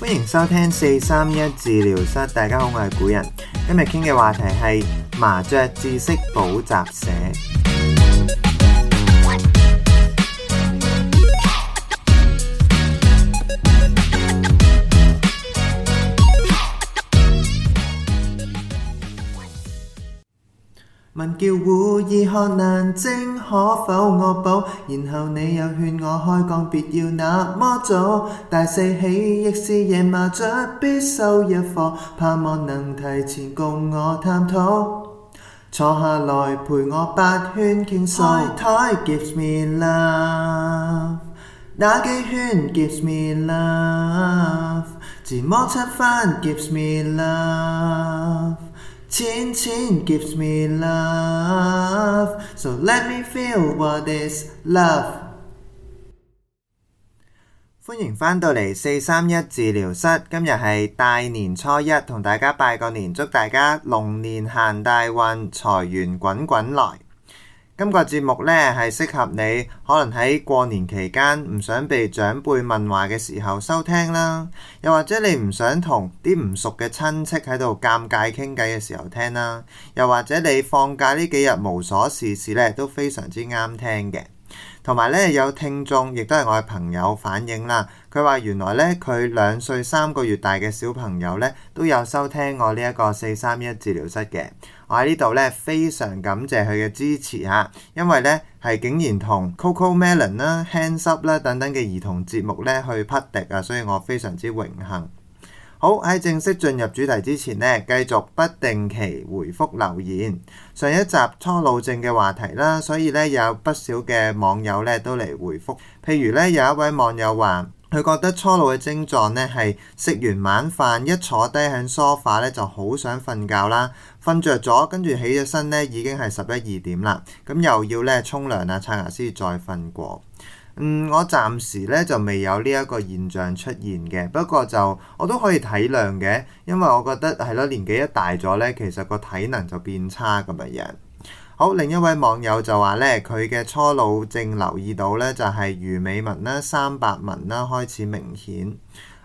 歡迎收聽四三一治療室，大家好，我係古人，今日傾嘅話題係麻雀知識補習社。問叫喚，易學難精，可否惡補？然後你又勸我開槓，別要那麼早。大四起亦是夜麻雀，着必修一課，盼望能提前共我探討。坐下來陪我八圈傾訴，開台 gives me love，打幾圈 gives me love，自摸七番 gives me love。千千 gives me love，so let me feel what is love。歡迎返到嚟四三一治療室，今日係大年初一，同大家拜個年，祝大家龍年行大運，財源滾滾來。今個節目呢，係適合你可能喺過年期間唔想被長輩問話嘅時候收聽啦，又或者你唔想同啲唔熟嘅親戚喺度尷尬傾偈嘅時候聽啦，又或者你放假呢幾日無所事事呢，都非常之啱聽嘅。同埋咧，有聽眾亦都係我嘅朋友反映啦。佢話原來咧，佢兩歲三個月大嘅小朋友咧都有收聽我呢一個四三一治療室嘅。我喺呢度咧非常感謝佢嘅支持嚇，因為咧係竟然同 Coco Melon 啦、Hands Up 啦等等嘅兒童節目咧去匹敵啊，所以我非常之榮幸。好，喺正式進入主題之前呢，繼續不定期回覆留言。上一集初老症嘅話題啦，所以呢，有不少嘅網友呢都嚟回覆。譬如呢，有一位網友話，佢覺得初老嘅症狀呢係食完晚飯一坐低喺梳化呢就好想瞓覺啦，瞓着咗跟住起咗身呢已經係十一二點啦，咁又要呢沖涼啊刷牙先再瞓過。嗯，我暫時咧就未有呢一個現象出現嘅，不過就我都可以體諒嘅，因為我覺得係咯，年紀一大咗呢，其實個體能就變差咁樣樣。好，另一位網友就話呢，佢嘅初老症留意到呢，就係、是、魚尾紋啦、三白紋啦開始明顯。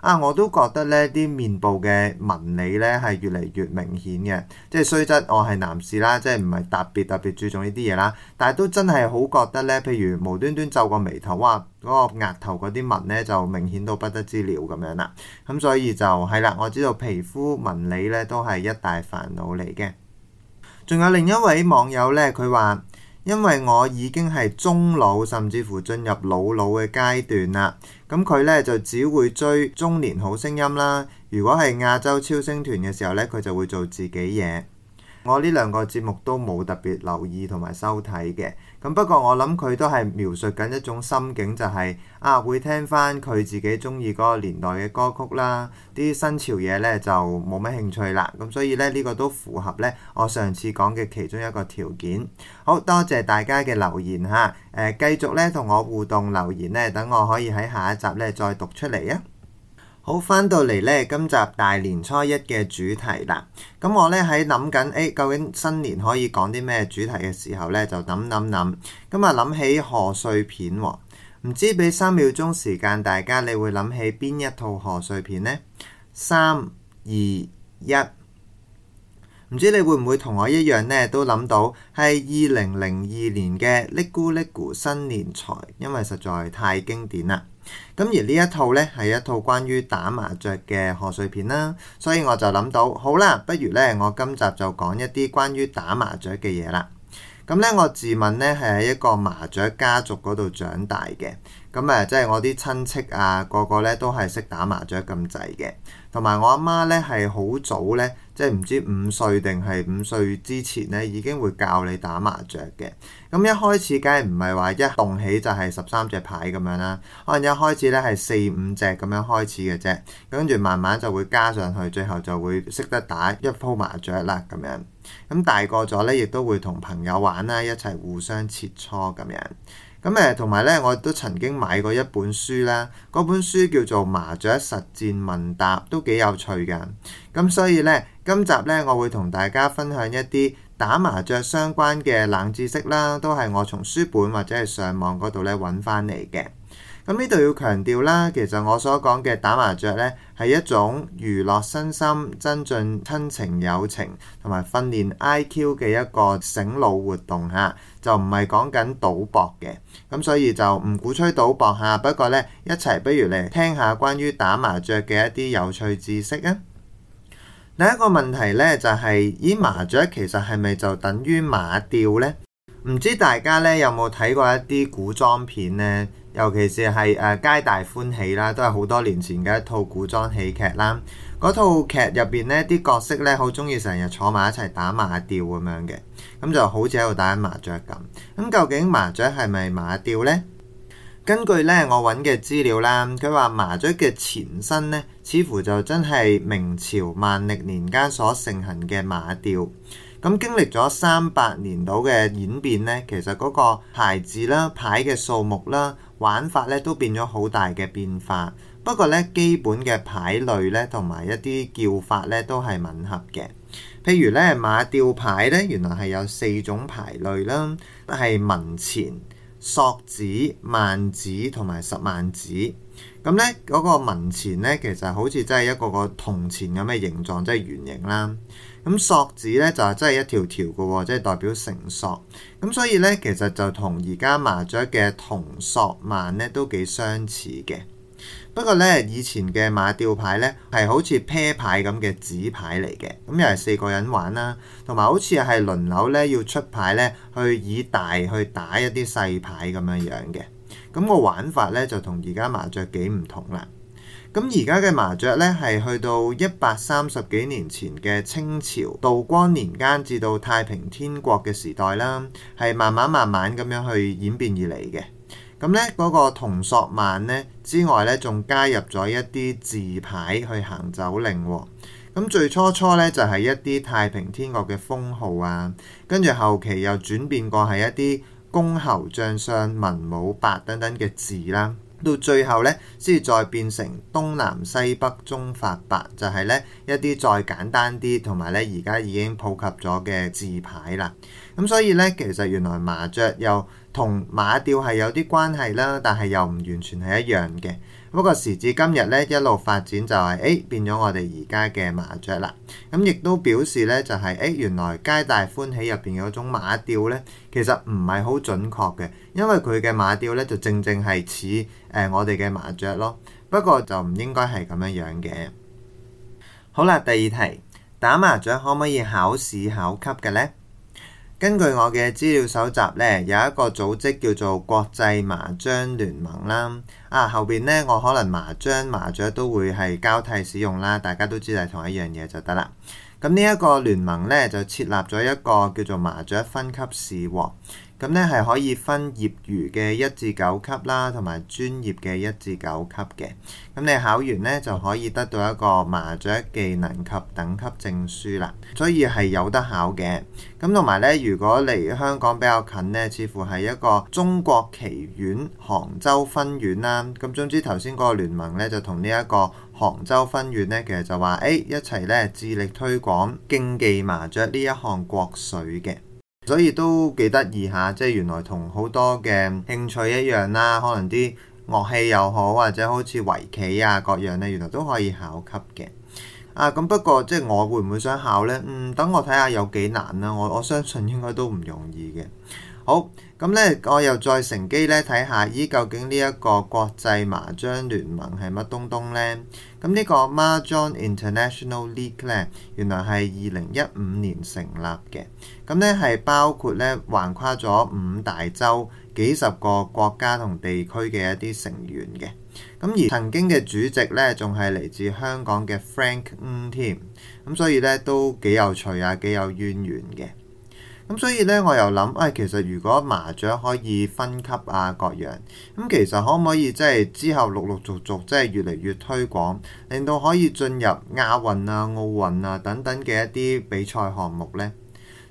啊！我都覺得呢啲面部嘅紋理呢係越嚟越明顯嘅，即係雖則我係男士啦，即係唔係特別特別注重呢啲嘢啦，但係都真係好覺得呢。譬如無端端皺個眉頭、啊，哇！嗰個額頭嗰啲紋呢，就明顯到不得之了咁樣啦。咁所以就係啦，我知道皮膚紋理呢都係一大煩惱嚟嘅。仲有另一位網友呢，佢話，因為我已經係中老，甚至乎進入老老嘅階段啦。咁佢呢就只會追《中年好聲音》啦。如果係亞洲超星團嘅時候呢，佢就會做自己嘢。我呢兩個節目都冇特別留意同埋收睇嘅。咁不過我諗佢都係描述緊一種心境就、啊，就係啊會聽翻佢自己中意嗰個年代嘅歌曲啦，啲新潮嘢呢就冇乜興趣啦。咁所以呢，呢、呢個都符合呢我上次講嘅其中一個條件。好多謝大家嘅留言嚇，誒、呃、繼續呢同我互動留言呢等我可以喺下一集呢再讀出嚟啊！好，翻到嚟呢今集大年初一嘅主題啦。咁、嗯、我呢喺諗緊，誒究竟新年可以講啲咩主題嘅時候呢，就諗諗諗。今日諗起賀歲片喎、哦，唔知俾三秒鐘時間大家，你會諗起邊一套賀歲片呢？三二一，唔知你會唔會同我一樣呢？都諗到係二零零二年嘅《Liku 嚦咕嚦咕新年財》，因為實在太經典啦。咁而呢一套呢，係一套關於打麻雀嘅賀歲片啦，所以我就諗到，好啦，不如呢，我今集就講一啲關於打麻雀嘅嘢啦。咁呢，我自問呢，係喺一個麻雀家族嗰度長大嘅，咁誒即係我啲親戚啊，個個呢都係識打麻雀咁滯嘅。同埋我阿媽呢係好早呢，即係唔知五歲定係五歲之前呢已經會教你打麻雀嘅。咁一開始梗係唔係話一棟起就係十三隻牌咁樣啦，可能一開始呢係四五隻咁樣開始嘅啫，跟住慢慢就會加上去，最後就會識得打一鋪麻雀啦咁樣。咁大個咗呢，亦都會同朋友玩啦，一齊互相切磋咁樣。咁誒，同埋呢，我都曾經買過一本書啦，嗰本書叫做《麻雀實戰問答》，都幾有趣㗎。咁所以呢，今集呢，我會同大家分享一啲打麻雀相關嘅冷知識啦，都係我從書本或者係上網嗰度呢揾翻嚟嘅。咁呢度要強調啦，其實我所講嘅打麻雀呢，係一種娛樂身心、增進親情友情同埋訓練 IQ 嘅一個醒腦活動嚇，就唔係講緊賭博嘅。咁所以就唔鼓吹賭博嚇。不過呢，一齊不如嚟聽下關於打麻雀嘅一啲有趣知識啊！第一個問題呢，就係：咦，麻雀其實係咪就等於馬吊呢？唔知大家呢，有冇睇過一啲古裝片呢？尤其是係誒皆大歡喜啦，都係好多年前嘅一套古裝喜劇啦。嗰套劇入邊呢啲角色呢，好中意成日坐埋一齊打馬吊咁樣嘅，咁就好似喺度打緊麻雀咁。咁究竟麻雀係咪馬吊呢？根據呢我揾嘅資料啦，佢話麻雀嘅前身呢，似乎就真係明朝萬曆年間所盛行嘅馬吊。咁經歷咗三百年度嘅演變呢，其實嗰個牌子啦、牌嘅數目啦、玩法呢都變咗好大嘅變化。不過呢，基本嘅牌類呢同埋一啲叫法呢都係吻合嘅。譬如呢，馬吊牌呢原來係有四種牌類啦，係文錢、索子、萬子同埋十萬子。咁呢，嗰個文錢呢其實好似真係一個個銅錢咁嘅形狀，即係圓形啦。咁索子咧就係真係一條條嘅喎，即係代表繩索。咁所以咧，其實就同而家麻雀嘅筒索萬咧都幾相似嘅。不過咧，以前嘅馬吊牌咧係好似啤牌咁嘅紙牌嚟嘅。咁又係四個人玩啦，同埋好似係輪流咧要出牌咧，去以大去打一啲細牌咁樣樣嘅。咁、那個玩法咧就同而家麻雀幾唔同啦。咁而家嘅麻雀咧，係去到一百三十幾年前嘅清朝道光年間，至到太平天國嘅時代啦，係慢慢慢慢咁樣去演變而嚟嘅。咁咧嗰個筒索萬呢之外咧，仲加入咗一啲字牌去行走令。咁最初初咧就係、是、一啲太平天國嘅封號啊，跟住後期又轉變過係一啲公侯將相、文武百等等嘅字啦。到最後呢，先至再變成東南西北中發白，就係呢一啲再簡單啲，同埋呢而家已經普及咗嘅字牌啦。咁所以呢，其實原來麻雀又同馬吊係有啲關係啦，但係又唔完全係一樣嘅。不過時至今日呢，一路發展就係、是、誒、哎、變咗我哋而家嘅麻雀啦。咁亦都表示呢，就係、是、誒、哎、原來皆大歡喜入邊嗰種馬吊呢，其實唔係好準確嘅，因為佢嘅馬吊呢，就正正係似誒我哋嘅麻雀咯。不過就唔應該係咁樣樣嘅。好啦，第二題，打麻雀可唔可以考試考級嘅呢？根據我嘅資料搜集呢，有一個組織叫做國際麻將聯盟啦。啊，後邊呢，我可能麻將麻雀都會係交替使用啦，大家都知係同一樣嘢就得啦。咁呢一個聯盟呢，就設立咗一個叫做麻雀分級試喎，咁、哦、呢係可以分業餘嘅一至九級啦，同埋專業嘅一至九級嘅。咁你考完呢，就可以得到一個麻雀技能級等級證書啦，所以係有得考嘅。咁同埋呢，如果離香港比較近呢，似乎係一個中國棋院杭州分院啦。咁總之頭先嗰個聯盟呢，就同呢一個杭州分院呢，其實就話，誒、哎、一齊呢，致力推廣競技麻雀呢一項國粹嘅，所以都幾得意下。即係原來同好多嘅興趣一樣啦，可能啲樂器又好，或者好似圍棋啊各樣呢，原來都可以考級嘅。啊，咁不過即係我會唔會想考呢？嗯，等我睇下有幾難啦。我我相信應該都唔容易嘅。好，咁呢，我又再乘機呢睇下，咦，究竟呢一個國際麻將聯盟係乜東東呢？咁呢個 Mahjong International League 呢，原來係二零一五年成立嘅。咁呢係包括呢橫跨咗五大洲、幾十個國家同地區嘅一啲成員嘅。咁而曾經嘅主席呢，仲係嚟自香港嘅 Frank 添。咁所以呢，都幾有趣啊，幾有淵源嘅。咁所以呢，我又諗，誒、哎，其實如果麻雀可以分級啊，各樣，咁其實可唔可以即係之後陸陸續續，即係越嚟越推廣，令到可以進入亞運啊、奧運啊等等嘅一啲比賽項目呢？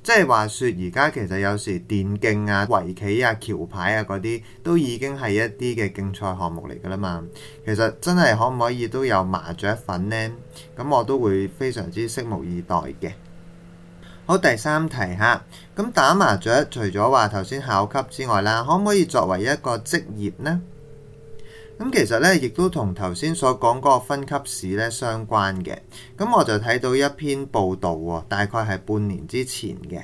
即係話說，而家其實有時電競啊、圍棋啊、橋牌啊嗰啲，都已經係一啲嘅競賽項目嚟㗎喇嘛。其實真係可唔可以都有麻雀一份呢？咧？咁我都會非常之拭目以待嘅。好，第三題嚇，咁打麻雀除咗話頭先考級之外啦，可唔可以作為一個職業呢？咁其實呢，亦都同頭先所講嗰個分級試呢相關嘅。咁我就睇到一篇報導喎，大概係半年之前嘅。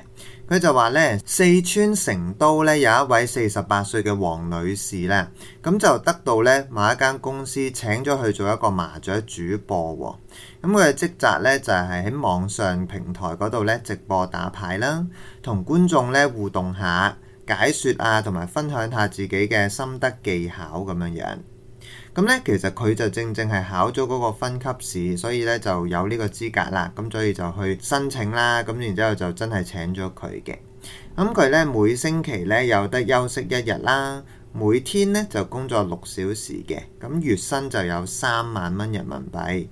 佢就話呢，四川成都呢有一位四十八歲嘅黃女士呢，咁就得到呢某一間公司請咗去做一個麻雀主播喎。咁佢嘅職責呢，就係喺網上平台嗰度呢直播打牌啦，同觀眾呢互動下解說啊，同埋分享下自己嘅心得技巧咁樣樣。咁呢，其實佢就正正係考咗嗰個分級試，所以呢就有呢個資格啦。咁所以就去申請啦。咁然之後就真係請咗佢嘅。咁佢呢，每星期呢有得休息一日啦，每天呢就工作六小時嘅，咁月薪就有三萬蚊人民幣。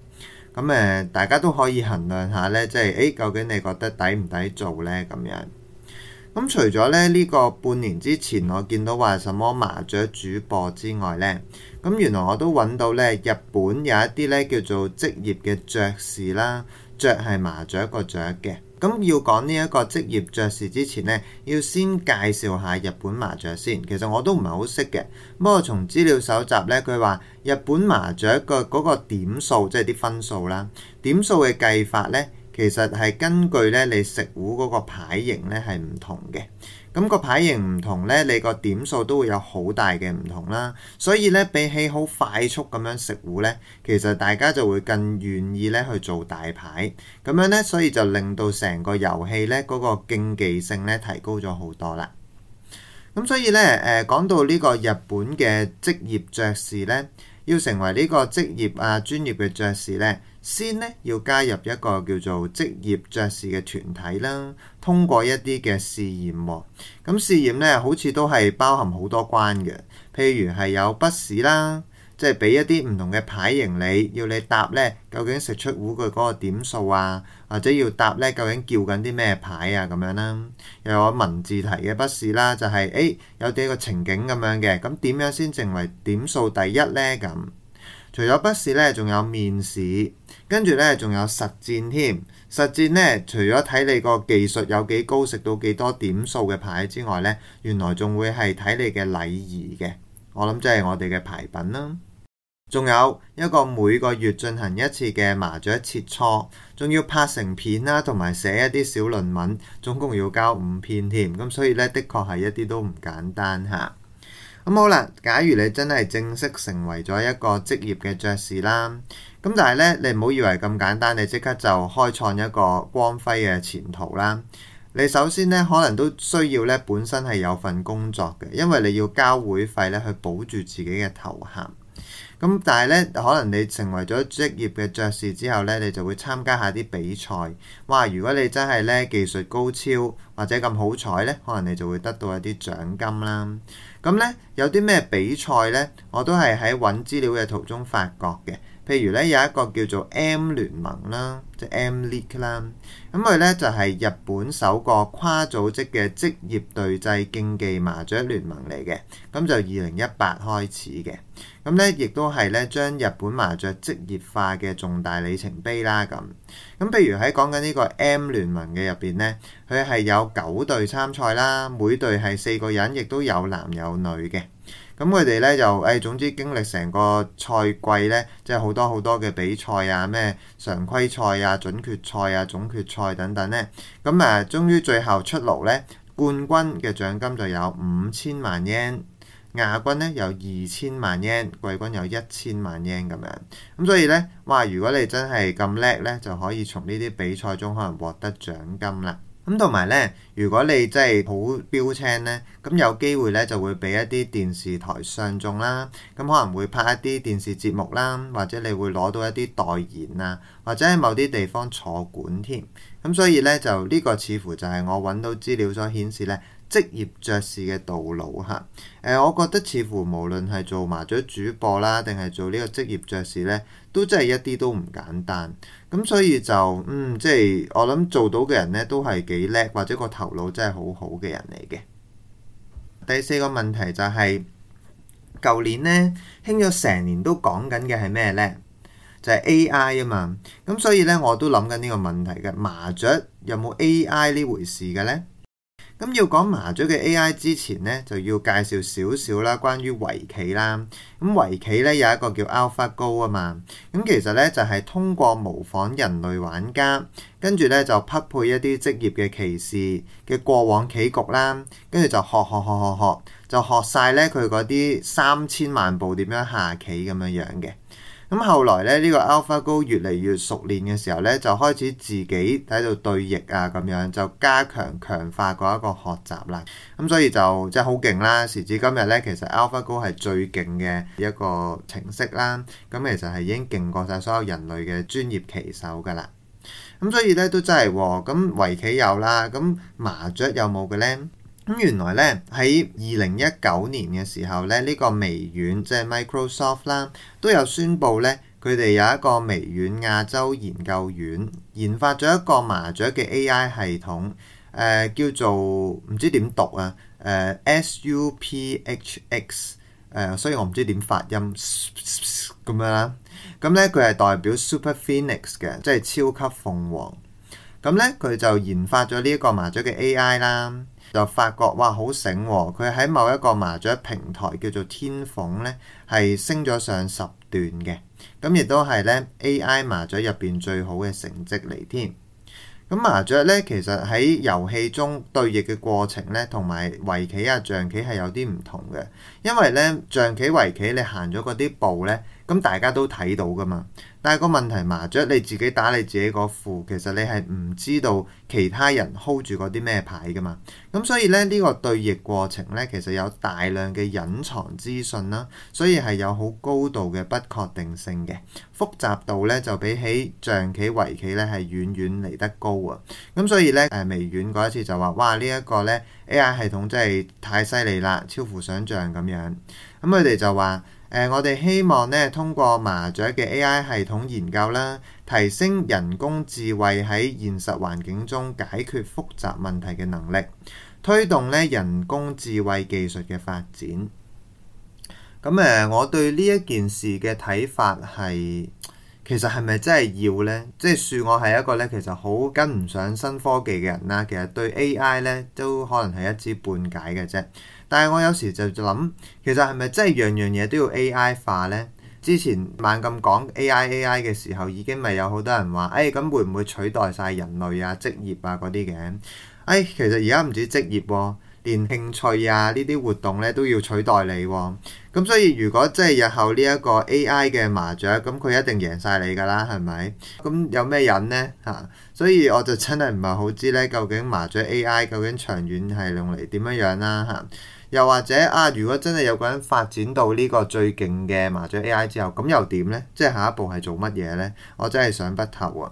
咁誒、嗯，大家都可以衡量下呢，即係誒，究竟你覺得抵唔抵做呢？咁樣咁、嗯、除咗咧呢、呢個半年之前我見到話什麼麻雀主播之外呢，咁、嗯、原來我都揾到呢，日本有一啲呢叫做職業嘅雀士啦，雀係麻雀個雀嘅。咁要講呢一個職業雀士之前呢，要先介紹下日本麻雀先。其實我都唔係好識嘅，不過從資料搜集呢，佢話日本麻雀嘅嗰個點數，即係啲分數啦，點數嘅計法呢，其實係根據呢你食糊嗰個牌型呢，係唔同嘅。咁個牌型唔同呢，你個點數都會有好大嘅唔同啦。所以呢，比起好快速咁樣食糊呢，其實大家就會更願意呢去做大牌咁樣呢。所以就令到成個遊戲呢，嗰、那個競技性呢，提高咗好多啦。咁所以呢，誒、呃、講到呢個日本嘅職業雀士呢，要成為呢個職業啊專業嘅雀士呢。先呢，要加入一個叫做職業雀士嘅團體啦，通過一啲嘅試驗。咁試驗呢，好似都係包含好多關嘅，譬如係有筆試啦，即係俾一啲唔同嘅牌型你，要你答呢究竟食出糊佢嗰個點數啊，或者要答呢究竟叫緊啲咩牌啊咁樣啦，又有文字題嘅筆試啦，就係、是、誒、哎、有一個情景咁樣嘅，咁點樣先成為點數第一呢？咁除咗筆試呢，仲有面試。跟住呢，仲有實戰添。實戰呢，除咗睇你個技術有幾高，食到幾多點數嘅牌之外呢，原來仲會係睇你嘅禮儀嘅。我諗即係我哋嘅牌品啦。仲有一個每個月進行一次嘅麻雀切磋，仲要拍成片啦，同埋寫一啲小論文，總共要交五篇添。咁所以呢，的確係一啲都唔簡單嚇。咁好啦，假如你真係正式成為咗一個職業嘅雀士啦，咁但係呢，你唔好以為咁簡單，你即刻就開創一個光輝嘅前途啦。你首先呢，可能都需要呢本身係有份工作嘅，因為你要交會費呢去保住自己嘅頭銜。咁但係呢，可能你成為咗職業嘅雀士之後呢，你就會參加下啲比賽。哇！如果你真係呢技術高超或者咁好彩呢，可能你就會得到一啲獎金啦。咁咧，有啲咩比賽咧？我都係喺揾資料嘅途中發覺嘅。譬如咧有一個叫做 M 聯盟啦，即係 M League 啦，咁佢咧就係日本首個跨組織嘅職業對制競技麻雀聯盟嚟嘅，咁就二零一八開始嘅，咁咧亦都係咧將日本麻雀職業化嘅重大里程碑啦咁，咁譬如喺講緊呢個 M 聯盟嘅入邊咧，佢係有九隊參賽啦，每隊係四個人，亦都有男有女嘅。咁佢哋咧就誒，總之經歷成個賽季咧，即係好多好多嘅比賽啊，咩常規賽啊、準決賽啊、總決賽等等咧。咁誒、啊，終於最後出爐咧，冠軍嘅獎金就有五千萬 yen，亞軍咧有二千萬 yen，季軍有一千萬 yen 咁樣。咁所以咧，哇！如果你真係咁叻咧，就可以從呢啲比賽中可能獲得獎金啦。咁同埋呢，如果你真係好標青呢，咁有機會呢就會俾一啲電視台上綜啦，咁可能會拍一啲電視節目啦，或者你會攞到一啲代言啊，或者喺某啲地方坐館添、啊。咁所以呢，就呢個似乎就係我揾到資料所顯示呢。職業爵士嘅道路嚇，誒、呃，我覺得似乎無論係做麻雀主播啦，定係做呢個職業爵士呢，都真係一啲都唔簡單。咁所以就嗯，即係我諗做到嘅人呢，都係幾叻或者個頭腦真係好好嘅人嚟嘅。第四個問題就係、是、舊年呢興咗成年都講緊嘅係咩呢？就係、是、AI 啊嘛。咁所以呢，我都諗緊呢個問題嘅麻雀有冇 AI 呢回事嘅呢？咁要講麻雀嘅 AI 之前呢，就要介紹少少啦，關於圍棋啦。咁圍棋呢，有一個叫 AlphaGo 啊嘛。咁其實呢，就係通過模仿人類玩家，跟住呢，就匹配一啲職業嘅棋士嘅過往棋局啦，跟住就學學學學學，就學晒呢，佢嗰啲三千萬步點樣下棋咁樣樣嘅。咁後來咧，呢個 AlphaGo 越嚟越熟練嘅時候呢，就開始自己喺度對弈啊，咁樣就加強強化嗰一個學習啦。咁所以就真係好勁啦。時至今日呢，其實 AlphaGo 係最勁嘅一個程式啦。咁其實係已經勁過晒所有人類嘅專業棋手噶啦。咁所以呢，都真係咁圍棋有啦，咁麻雀有冇嘅呢？咁原來咧，喺二零一九年嘅時候咧，呢、這個微軟即係、就是、Microsoft 啦，都有宣布咧，佢哋有一個微軟亞洲研究院研發咗一個麻雀嘅 AI 系統，誒、呃、叫做唔知點讀啊，誒、呃、S U P H X 誒、呃，所以我唔知點發音咁樣啦、啊。咁咧佢係代表 Super Phoenix 嘅，即係超級鳳凰。咁咧佢就研發咗呢一個麻雀嘅 AI 啦。就發覺哇，好醒喎！佢喺某一個麻雀平台叫做天鳳呢，係升咗上十段嘅，咁亦都係呢 AI 麻雀入邊最好嘅成績嚟添。咁麻雀呢，其實喺遊戲中對弈嘅過程呢，同埋圍棋啊、象棋係有啲唔同嘅，因為呢象棋圍棋你行咗嗰啲步呢。咁大家都睇到噶嘛？但係個問題麻雀你自己打你自己嗰副，其實你係唔知道其他人 hold 住嗰啲咩牌噶嘛？咁所以呢，呢個對弈過程呢，其實有大量嘅隱藏資訊啦，所以係有好高度嘅不確定性嘅，複雜度呢，就比起象棋、圍棋呢係遠遠嚟得高啊！咁所以呢，誒微軟嗰一次就話：哇！呢一個呢 AI 系統真係太犀利啦，超乎想象咁樣。咁佢哋就話。誒、呃，我哋希望咧，通過麻雀嘅 AI 系統研究啦，提升人工智慧喺現實環境中解決複雜問題嘅能力，推動咧人工智慧技術嘅發展。咁、嗯、誒、呃，我對呢一件事嘅睇法係，其實係咪真係要呢？即係恕我係一個咧，其實好跟唔上新科技嘅人啦。其實對 AI 咧，都可能係一知半解嘅啫。但係我有時就就諗，其實係咪真係樣樣嘢都要 AI 化呢？之前猛咁講 AI AI 嘅時候，已經咪有好多人話，哎，咁會唔會取代晒人類啊、職業啊嗰啲嘅？哎，其實而家唔止職業喎、啊。連興趣啊呢啲活動呢都要取代你喎、哦，咁所以如果即係日後呢一個 AI 嘅麻雀，咁佢一定贏晒你噶啦，係咪？咁有咩引呢？嚇、啊？所以我就真係唔係好知呢，究竟麻雀 AI 究竟長遠係用嚟點樣樣啦嚇？又或者啊，如果真係有個人發展到呢個最勁嘅麻雀 AI 之後，咁又點呢？即係下一步係做乜嘢呢？我真係想不透啊。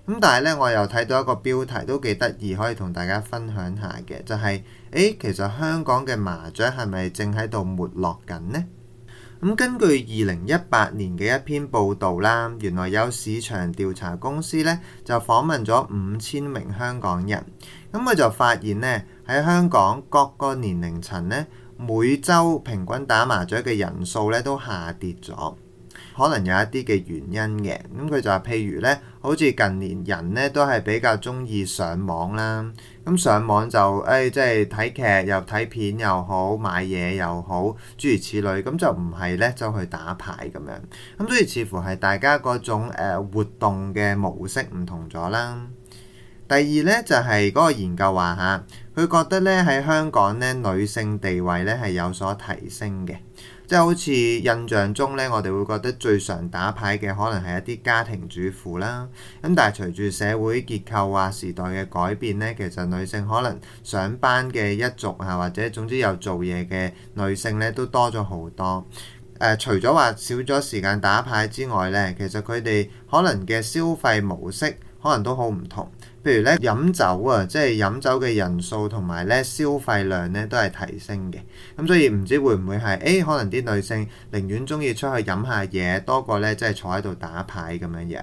咁但係呢，我又睇到一個標題都幾得意，可以同大家分享下嘅，就係、是、誒，其實香港嘅麻雀係咪正喺度沒落緊呢？嗯，咁根據二零一八年嘅一篇報導啦，原來有市場調查公司呢就訪問咗五千名香港人，咁、嗯、佢就發現呢，喺香港各個年齡層呢，每週平均打麻雀嘅人數呢都下跌咗，可能有一啲嘅原因嘅。咁、嗯、佢就話，譬如呢。好似近年人呢都係比較中意上網啦，咁上網就誒即係睇劇又睇片又好，買嘢又好，諸如此類，咁就唔係呢走去打牌咁樣，咁所以似乎係大家嗰種、呃、活動嘅模式唔同咗啦。第二呢就係、是、嗰個研究話嚇，佢覺得呢喺香港呢，女性地位呢係有所提升嘅。即係好似印象中呢，我哋會覺得最常打牌嘅可能係一啲家庭主婦啦。咁但係隨住社會結構啊、時代嘅改變呢，其實女性可能上班嘅一族啊，或者總之有做嘢嘅女性呢，都多咗好多。呃，除咗話少咗時間打牌之外呢，其實佢哋可能嘅消費模式可能都好唔同。譬如咧飲酒啊，即係飲酒嘅人數同埋咧消費量咧都係提升嘅，咁所以唔知會唔會係誒、欸、可能啲女性寧願中意出去飲下嘢，多過咧即係坐喺度打牌咁樣樣。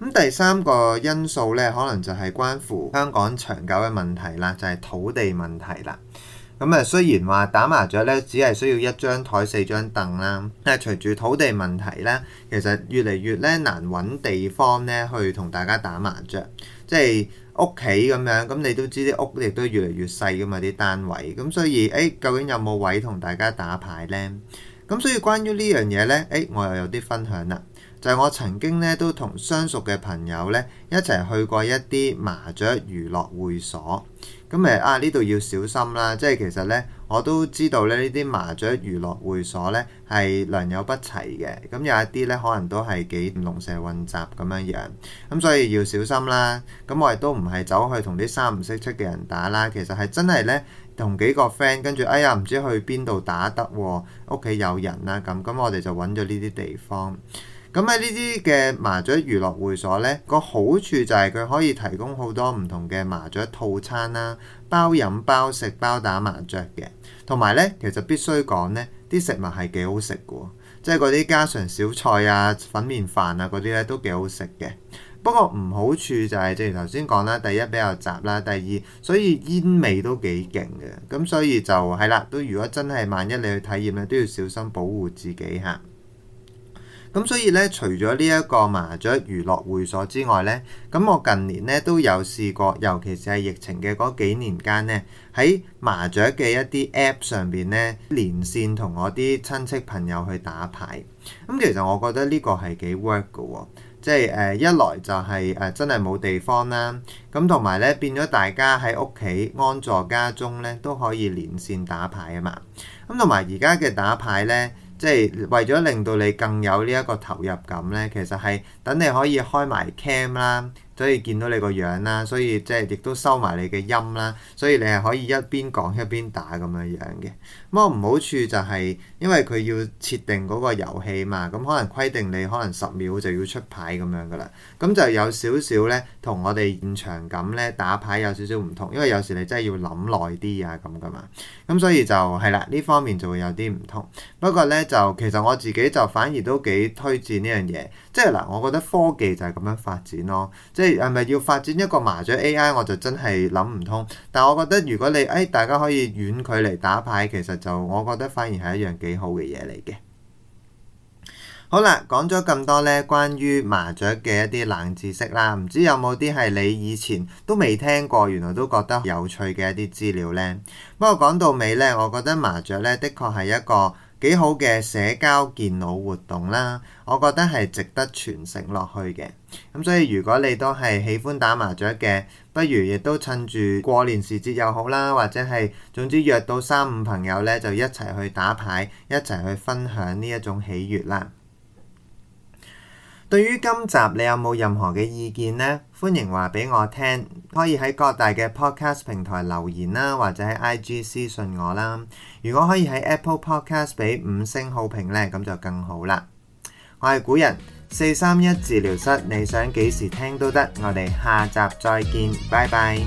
咁第三個因素咧，可能就係關乎香港長久嘅問題啦，就係、是、土地問題啦。咁啊，雖然話打麻雀咧，只係需要一張枱四張凳啦，但係隨住土地問題咧，其實越嚟越咧難揾地方咧去同大家打麻雀，即係屋企咁樣。咁你都知啲屋亦都越嚟越細噶嘛，啲單位。咁所以，誒究竟有冇位同大家打牌呢？咁所以關於呢樣嘢呢，誒我又有啲分享啦，就係我曾經咧都同相熟嘅朋友呢，一齊去過一啲麻雀娛樂會所。咁誒啊！呢度要小心啦，即係其實呢，我都知道呢，呢啲麻雀娛樂會所呢係良莠不齊嘅。咁有一啲呢，可能都係幾龍蛇混雜咁樣樣。咁所以要小心啦。咁我亦都唔係走去同啲三唔識七嘅人打啦。其實係真係呢，同幾個 friend 跟住哎呀，唔知去邊度打得喎、啊？屋企有人啦、啊，咁咁我哋就揾咗呢啲地方。咁喺呢啲嘅麻雀娛樂會所呢，個好處就係佢可以提供好多唔同嘅麻雀套餐啦、啊，包飲包食包打麻雀嘅。同埋呢，其實必須講呢啲食物係幾好食嘅，即係嗰啲家常小菜啊、粉麵飯啊嗰啲呢都幾好食嘅。不過唔好處就係、是，正如頭先講啦，第一比較雜啦，第二所以煙味都幾勁嘅。咁所以就係啦，都如果真係萬一你去體驗咧，都要小心保護自己吓。咁所以呢，除咗呢一個麻雀娛樂會所之外呢，咁我近年呢都有試過，尤其是係疫情嘅嗰幾年間呢，喺麻雀嘅一啲 App 上邊呢連線同我啲親戚朋友去打牌。咁其實我覺得呢個係幾 work 嘅喎、哦，即係誒、呃、一來就係、是、誒、呃、真係冇地方啦，咁同埋呢，變咗大家喺屋企安坐家中呢都可以連線打牌啊嘛。咁同埋而家嘅打牌呢。即係為咗令到你更有呢一個投入感呢，其實係等你可以開埋 cam 啦，所以見到你個樣啦，所以即係亦都收埋你嘅音啦，所以你係可以一邊講一邊打咁樣樣嘅。咁唔好處就係，因為佢要設定嗰個遊戲嘛，咁可能規定你可能十秒就要出牌咁樣噶啦，咁就有少少咧同我哋現場咁咧打牌有少少唔同，因為有時你真係要諗耐啲啊咁噶嘛，咁所以就係啦，呢方面就會有啲唔同。不過咧就其實我自己就反而都幾推薦呢樣嘢，即係嗱，我覺得科技就係咁樣發展咯，即係係咪要發展一個麻雀 AI 我就真係諗唔通，但係我覺得如果你誒、哎、大家可以遠距離打牌，其實就我覺得反而係一樣幾好嘅嘢嚟嘅。好啦，講咗咁多呢，關於麻雀嘅一啲冷知識啦，唔知有冇啲係你以前都未聽過，原來都覺得有趣嘅一啲資料呢？不過講到尾呢，我覺得麻雀呢的確係一個幾好嘅社交健腦活動啦，我覺得係值得傳承落去嘅。咁所以如果你都係喜歡打麻雀嘅，不如亦都趁住過年時節又好啦，或者係總之約到三五朋友呢，就一齊去打牌，一齊去分享呢一種喜悅啦。對於今集你有冇任何嘅意見呢？歡迎話俾我聽，可以喺各大嘅 podcast 平台留言啦，或者喺 IG 私信我啦。如果可以喺 Apple Podcast 俾五星好評呢，咁就更好喇。我係古人，四三一治療室，你想幾時聽都得，我哋下集再見，拜拜。